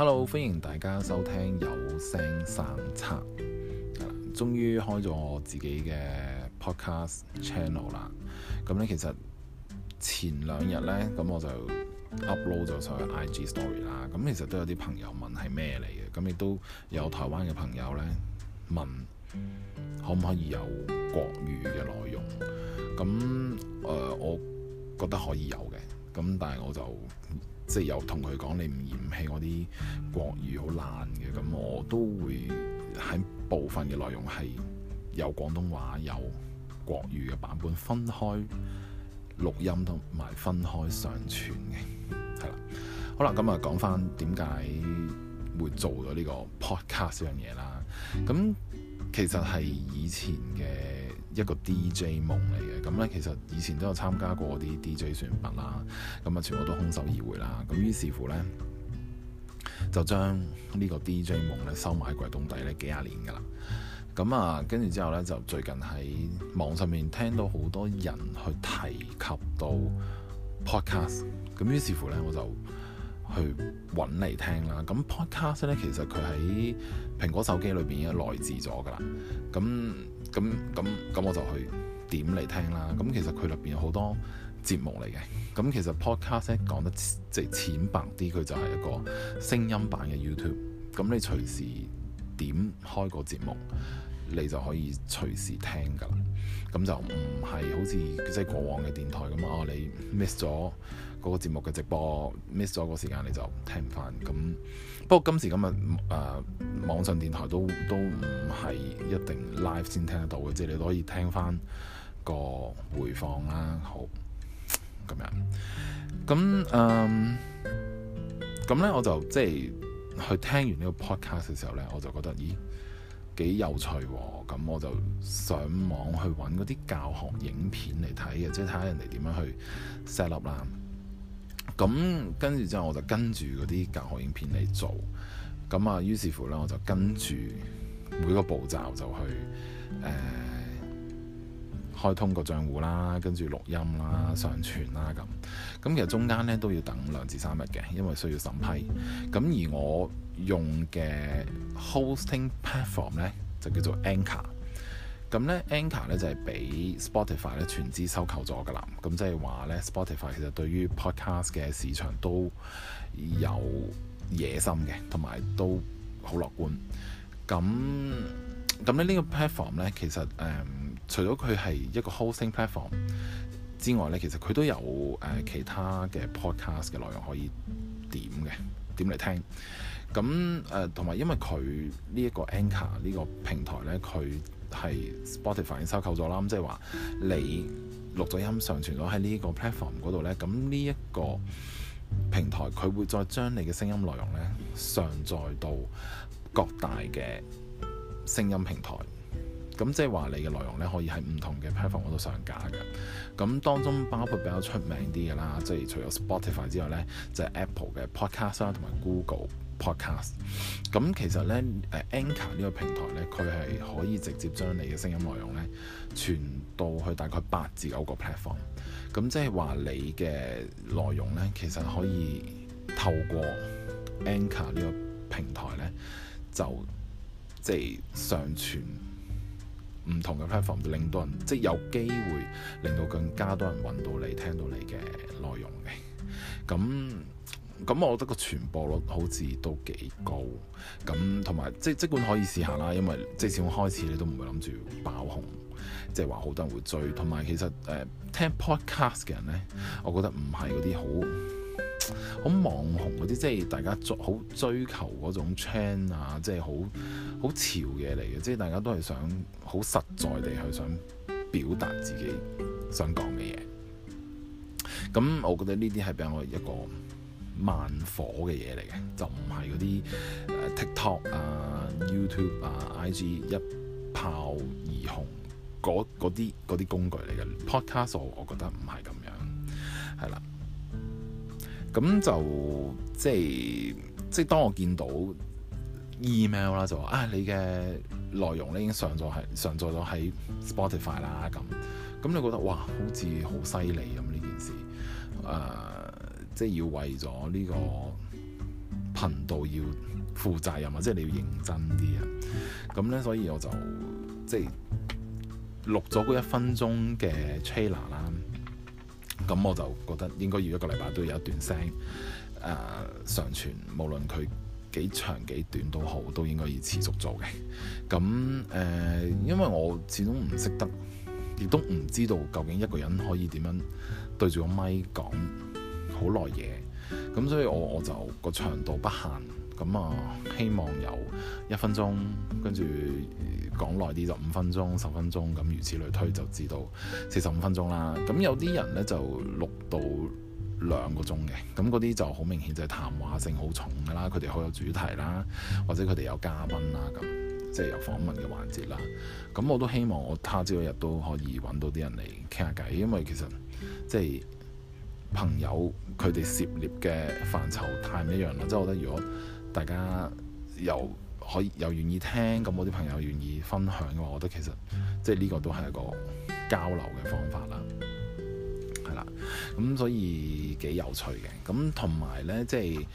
Hello，歡迎大家收聽有聲散策。終於開咗我自己嘅 podcast channel 啦。咁咧，其實前兩日呢，咁我就 upload 咗上去 IG story 啦。咁其實都有啲朋友問係咩嚟嘅，咁亦都有台灣嘅朋友呢問可唔可以有國語嘅內容？咁誒、呃，我覺得可以有嘅。咁但係我就。即係又同佢講，你唔嫌棄我啲國語好爛嘅咁，我都會喺部分嘅內容係有廣東話有國語嘅版本，分開錄音同埋分開上傳嘅係啦。好啦，咁啊講返點解會做咗呢個 Podcast 呢樣嘢啦？咁其實係以前嘅。一個 DJ 夢嚟嘅，咁咧其實以前都有參加過啲 DJ 選拔啦，咁啊全部都空手而回啦，咁於是乎呢，就將呢個 DJ 夢咧收埋櫃洞底咧幾廿年噶啦，咁啊跟住之後呢，就最近喺網上面聽到好多人去提及到 Podcast，咁於是乎呢，我就去揾嚟聽啦，咁 Podcast 呢，其實佢喺蘋果手機裏邊已經內置咗噶啦，咁。咁咁咁我就去點嚟聽啦。咁其實佢入邊有好多節目嚟嘅。咁其實 podcast 咧講得即係、就是、淺白啲，佢就係一個聲音版嘅 YouTube。咁你隨時點開個節目，你就可以隨時聽㗎喇。咁就唔係好似即係過往嘅電台咁啊、哦，你 miss 咗。嗰個節目嘅直播 miss 咗個時間，你就聽唔翻。咁不過今時今日誒、呃，網上電台都都唔係一定 live 先聽得到嘅，即係你可以聽翻個回放啦。好咁樣咁誒咁咧，我就即係去聽完呢個 podcast 嘅時候咧，我就覺得咦，幾有趣喎。咁我就上網去揾嗰啲教學影片嚟睇嘅，即係睇下人哋點樣去 set up 啦。咁跟住之後我就跟住嗰啲教學影片嚟做。咁啊，於是乎咧，我就跟住每個步驟就去誒、呃、開通個賬戶啦，跟住錄音啦、上傳啦咁。咁其實中間咧都要等兩至三日嘅，因為需要審批。咁而我用嘅 hosting platform 咧，就叫做 Anchor。咁咧，Anchor 咧就係、係、俾 Spotify 咧全資收購咗㗎啦。咁即係話咧，Spotify 其實對於 Podcast 嘅市場都有野心嘅，同埋都好樂觀。咁咁咧，個呢個 platform 咧，其實誒、呃，除咗佢係一個 hosting platform 之外咧，其實佢都有誒、呃、其他嘅 Podcast 嘅內容可以點嘅點嚟聽。咁誒，同、呃、埋因為佢呢一個 Anchor 呢個平台咧，佢係 Spotify 已經收購咗啦，咁即係話你錄咗音上傳咗喺呢個 platform 嗰度呢，咁呢一個平台佢會再將你嘅聲音內容呢上載到各大嘅聲音平台，咁即係話你嘅內容呢可以喺唔同嘅 platform 嗰度上架嘅，咁當中包括比較出名啲嘅啦，即係除咗 Spotify 之外呢，就係 Apple 嘅 Podcast 啦同埋 Google Podcast，咁其實咧，誒 Anchor 呢個平台咧，佢係可以直接將你嘅聲音內容咧，傳到去大概八至九個 platform，咁即係話你嘅內容咧，其實可以透過 Anchor 呢個平台咧，就即係、就是、上傳唔同嘅 platform，令到人即係、就是、有機會令到更加多人搵到你、聽到你嘅內容嘅，咁。咁，我覺得個傳播率好似都幾高。咁同埋，即即管可以試下啦，因為即始終開始，你都唔會諗住爆紅，即係話好多人會追。同埋，其實誒、呃、聽 podcast 嘅人呢，我覺得唔係嗰啲好好網紅嗰啲，即係大家好追求嗰種 trend 啊，即係好好潮嘅嚟嘅。即係大家都係想好實在地去想表達自己想講嘅嘢。咁，我覺得呢啲係俾我一個。慢火嘅嘢嚟嘅，就唔係嗰啲誒 TikTok 啊、YouTube 啊、IG 一炮而紅嗰啲啲工具嚟嘅 Podcast，我我覺得唔係咁樣，係啦。咁就即係即係當我見到 email 啦，就話啊，你嘅內容咧已經上咗係上載咗喺 Spotify 啦，咁咁你覺得哇，好似好犀利咁呢件事誒？呃即係要為咗呢個頻道要負責任，或者你要認真啲啊！咁咧，所以我就即係錄咗嗰一分鐘嘅 trailer 啦。咁我就覺得應該要一個禮拜都要有一段聲誒上、呃、傳，無論佢幾長幾短都好，都應該要持續做嘅。咁誒、呃，因為我始終唔識得，亦都唔知道究竟一個人可以點樣對住個麥講。好耐嘢，咁所以我我就個長度不限，咁啊希望有一分鐘，跟住講耐啲就五分鐘、十分鐘，咁如此類推就至到四十五分鐘啦。咁有啲人呢，就錄到兩個鐘嘅，咁嗰啲就好明顯就係談話性好重噶啦，佢哋好有主題啦，或者佢哋有嘉賓啦，咁即係有訪問嘅環節啦。咁我都希望我他朝嗰日都可以揾到啲人嚟傾下偈，因為其實即係。就是朋友佢哋涉獵嘅範疇太唔一樣啦，即係我覺得如果大家又可以又願意聽，咁我啲朋友願意分享嘅話，我覺得其實即係呢個都係一個交流嘅方法啦，係啦，咁所以幾有趣嘅，咁同埋呢，即係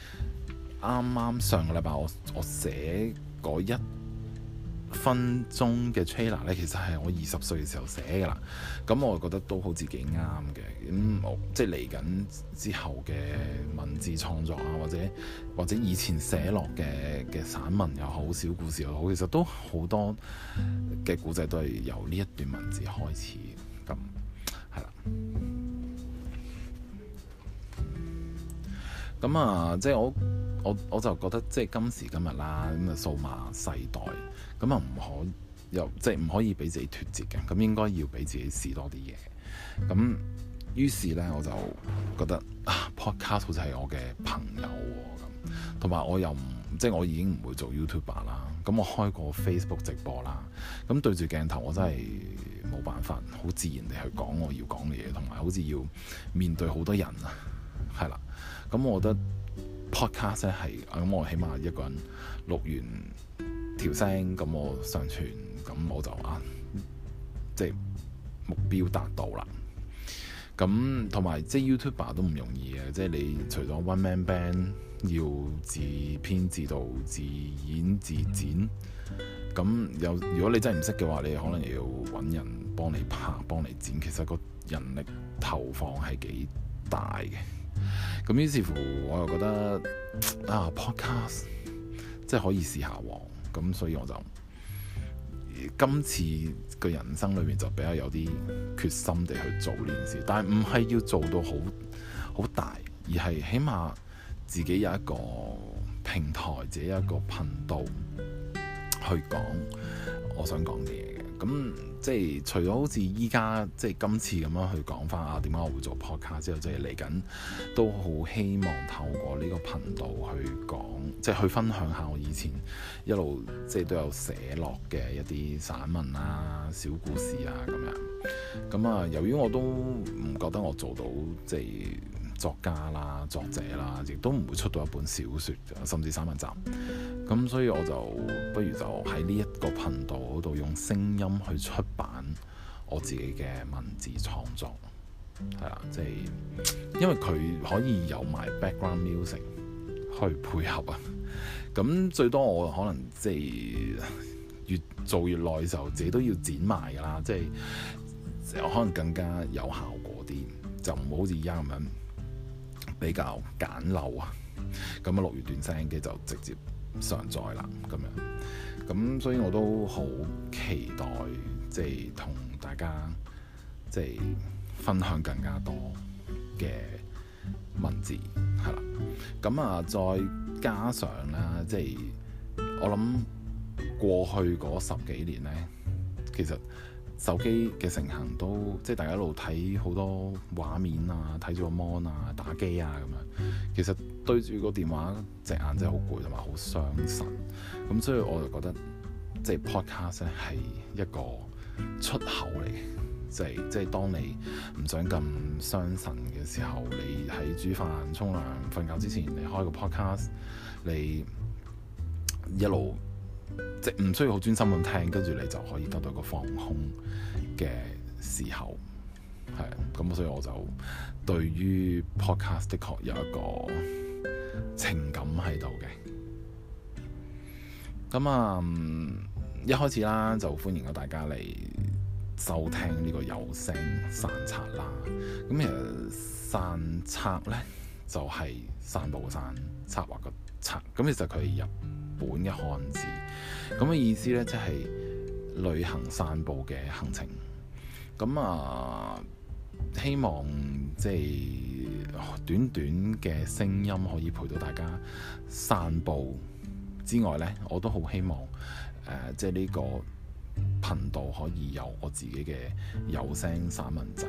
啱啱上個禮拜我我寫嗰一分鐘嘅 trailer 咧，其實係我二十歲嘅時候寫噶啦，咁我覺得都好似幾啱嘅。咁我即係嚟緊之後嘅文字創作啊，或者或者以前寫落嘅嘅散文又好，小故事又好，其實都好多嘅古仔都係由呢一段文字開始。咁係啦。咁啊，即係我。我我就覺得即係今時今日啦，咁啊數碼世代，咁啊唔可又即係唔可以俾自己脫節嘅，咁應該要俾自己試多啲嘢。咁於是呢，我就覺得、啊、podcast 好似係我嘅朋友喎、喔，咁同埋我又唔即係我已經唔會做 YouTuber 啦，咁我開過 Facebook 直播啦，咁對住鏡頭我真係冇辦法好自然地去講我要講嘅嘢，同埋好似要面對好多人啊，係 啦，咁我覺得。Podcast 啫係，咁我起碼一個人錄完條聲，咁我上傳，咁我就啊，即係目標達到啦。咁同埋即係 YouTuber 都唔容易嘅，即係你除咗 One Man Band 要自編自導自演自剪，咁又如果你真係唔識嘅話，你可能要揾人幫你拍，幫你剪，其實個人力投放係幾大嘅。咁於是乎，我又覺得啊 Podcast 即係可以試下喎。咁所以我就今次嘅人生裏面就比較有啲決心地去做呢件事，但係唔係要做到好好大，而係起碼自己有一個平台，自己一個頻道去講我想講嘅嘢。咁即係除咗好似依家即係今次咁樣去講返啊點解我會做 Podcast 之後，即係嚟緊都好希望透過呢個頻道去講，即係去分享下我以前一路即係都有寫落嘅一啲散文啊、小故事啊咁樣。咁啊，由於我都唔覺得我做到即係作家啦、作者啦，亦都唔會出到一本小說，甚至散文集。咁所以我就不如就喺呢一個頻道度用聲音去出版我自己嘅文字創作，係啊，即係因為佢可以有埋 background music 去配合啊。咁最多我可能即係越做越耐就自己都要剪埋㗎啦，即係可能更加有效果啲，就唔好好似而家咁樣比較簡陋啊。咁啊，錄完段聲嘅就直接。常在啦，咁樣，咁所以我都好期待，即係同大家即係分享更加多嘅文字，係啦，咁啊再加上咧，即係我諗過去嗰十幾年咧，其實手機嘅盛行都，即係大家一路睇好多畫面啊，睇住個 mon 啊，打機啊咁樣，其實。對住個電話隻眼真係好攰同埋好傷神，咁所以我就覺得即係、就是、Podcast 咧係一個出口嚟，即係即係當你唔想咁傷神嘅時候，你喺煮飯、沖涼、瞓覺之前，你開個 Podcast，你一路即唔、就是、需要好專心咁聽，跟住你就可以得到一個放空嘅時候。係咁所以我就對於 Podcast 的確有一個。情感喺度嘅，咁啊、嗯，一開始啦就歡迎咗大家嚟收聽呢個有聲散策啦。咁其實，散策咧就係散步嘅散，策或個策。咁其實佢係、就是、日本嘅漢字，咁嘅意思咧即係旅行散步嘅行程。咁啊，希望即係。就是短短嘅聲音可以陪到大家散步之外呢，我都好希望、呃、即係呢個頻道可以有我自己嘅有聲散文集，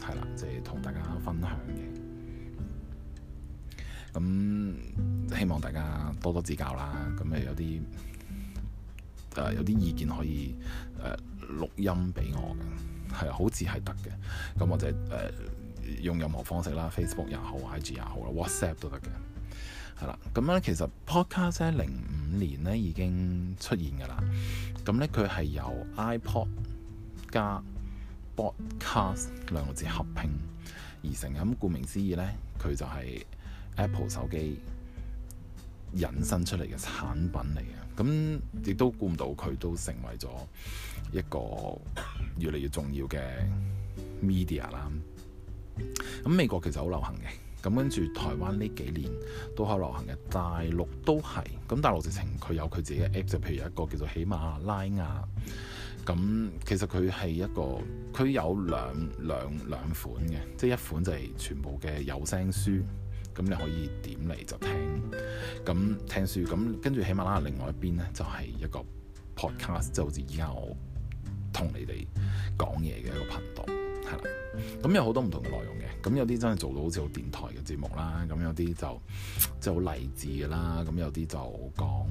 係啦，即係同大家分享嘅。咁希望大家多多指教啦，咁誒有啲、呃、有啲意見可以誒錄、呃、音俾我嘅，係好似係得嘅，咁我就。呃用任何方式啦，Facebook 也好，IG 也好啦，WhatsApp 都得嘅係啦。咁咧，其實 Podcast 喺零五年咧已經出現噶啦。咁咧，佢係由 iPod 加 Podcast 兩個字合拼而成嘅。咁顧名思義咧，佢就係 Apple 手機引申出嚟嘅產品嚟嘅。咁亦都估唔到佢都成為咗一個越嚟越重要嘅 media 啦。咁美國其實好流行嘅，咁跟住台灣呢幾年都好流行嘅，大陸都係，咁大陸直情佢有佢自己嘅 app，就譬如有一個叫做喜馬拉雅，咁其實佢係一個，佢有兩兩兩款嘅，即係一款就係全部嘅有聲書，咁你可以點嚟就聽，咁聽書，咁跟住喜馬拉雅另外一邊呢，就係一個 podcast，就好似而家我同你哋講嘢嘅一個頻道。係啦，咁有好多唔同嘅內容嘅，咁有啲真係做到好似好電台嘅節目啦，咁有啲就即係好勵志嘅啦，咁有啲就講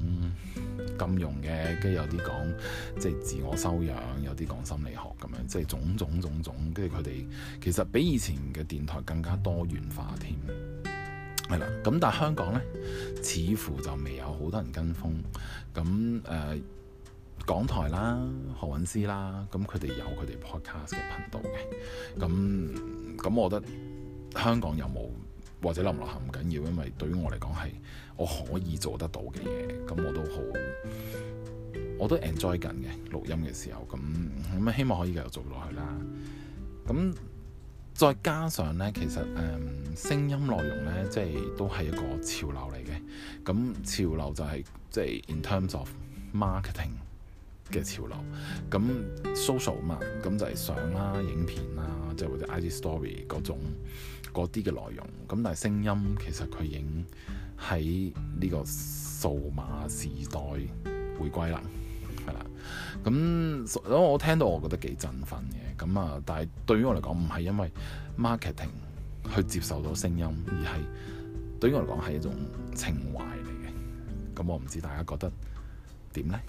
金融嘅，跟住有啲講即係自我修養，有啲講心理學咁樣，即係種種種種，跟住佢哋其實比以前嘅電台更加多元化添，係啦，咁但係香港呢，似乎就未有好多人跟風，咁誒。呃港台啦、何韻詩啦，咁佢哋有佢哋 podcast 嘅頻道嘅。咁咁，我覺得香港有冇或者流唔流行唔緊要，因為對於我嚟講係我可以做得到嘅嘢。咁我都好，我都 enjoy 緊嘅錄音嘅時候。咁咁，希望可以繼續做落去啦。咁再加上呢，其實誒、呃、聲音內容呢，即係都係一個潮流嚟嘅。咁潮流就係、是、即係 in terms of marketing。嘅潮流咁 social 嘛，咁就係相啦、影片啦，即係或者 IG story 嗰種嗰啲嘅內容。咁但係聲音其實佢已經喺呢個數碼時代回歸啦，係啦。咁所以我聽到我覺得幾振奮嘅。咁啊，但係對於我嚟講唔係因為 marketing 去接受到聲音，而係對於我嚟講係一種情懷嚟嘅。咁我唔知大家覺得點呢？